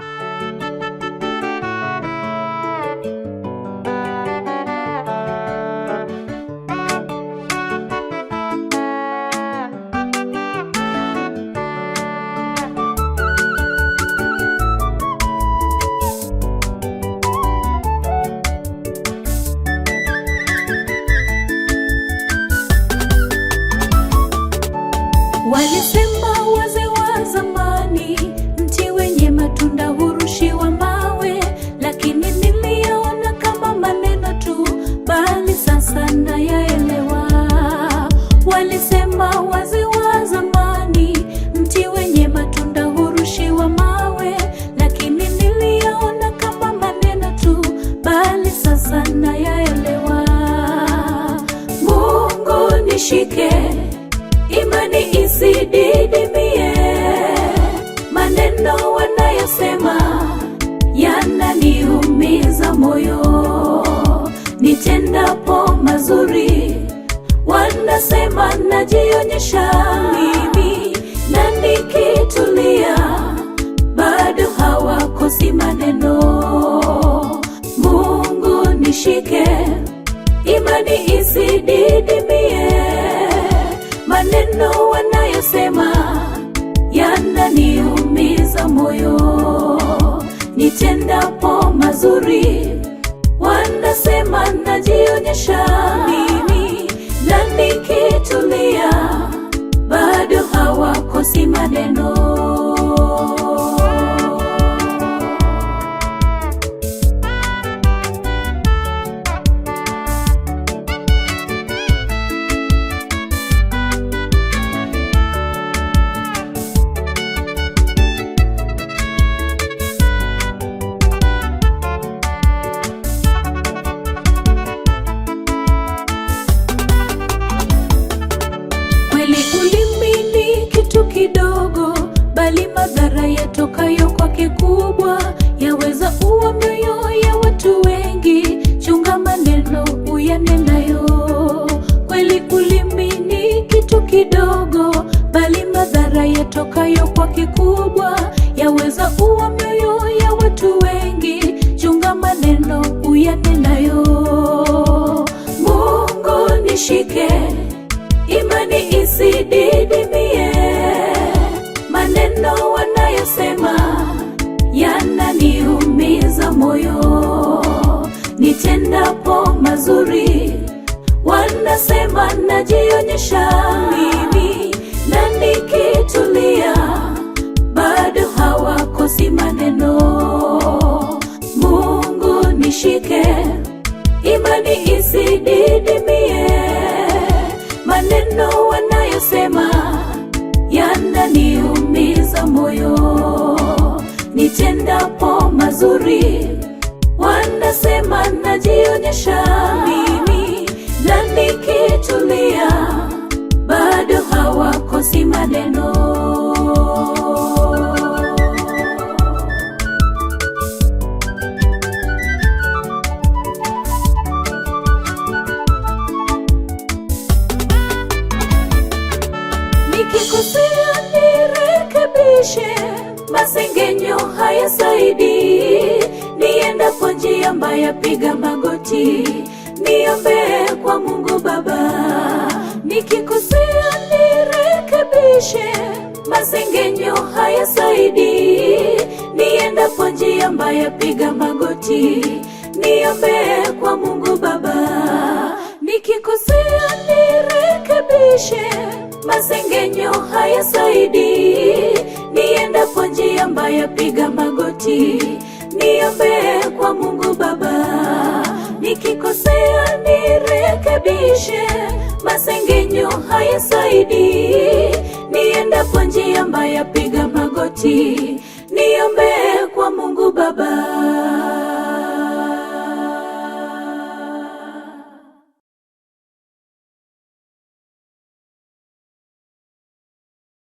was a tunahurushiwa mawe, lakini niliona kama maneno tu, bali sasa nayaelewa. Walisema wazi wa zamani, mti wenye matunda hurushiwa mawe, lakini niliona kama maneno tu, bali sasa nayaelewa. Mungu nishike, imani isididimie maneno unayosema yananiumiza moyo, nitendapo mazuri wanasema najionyesha. Mimi na nikitulia, bado hawakosi maneno. Mungu nishike, imani isididimie, maneno wanayosema yananiu moyo, nitendapo mazuri wanasema najionyesha. Mimi na nikitulia, bado hawakosi maneno. bali madhara yatokayo kwake kubwa, yaweza uwa mioyo ya watu wengi. Chunga maneno uyanenayo, kweli ulimi ni kitu kidogo, bali madhara yatokayo kwake kubwa, yaweza uwa mioyo ya watu wengi. Chunga maneno uyanenayo. Mungu nishike moyo, nitendapo mazuri wanasema najionyesha. Mimi na nikitulia, bado hawakosi maneno. Mungu nishike, imani isididimie, maneno wanayosema yananiumiza moyo, nitendapo mazuri wanasema najionyesha mimi na nikitulia bado hawakosi maneno. Nikikosea nirekebishe, masengenyo haya saidi nienda kwa njia mbaya, piga magoti niombe kwa Mungu Baba, nikikosea nirekebishe, masengenyo nienda kwa njia mbaya, piga magoti niombe kwa Mungu Baba, nikikosea nirekebishe, masengenyo nienda kwa njia mbaya, piga magoti niombe kwa Mungu Baba, nikikosea nirekebishe, masengenyo saidi, Niendapo njia mbaya, piga magoti, niombee kwa Mungu Baba.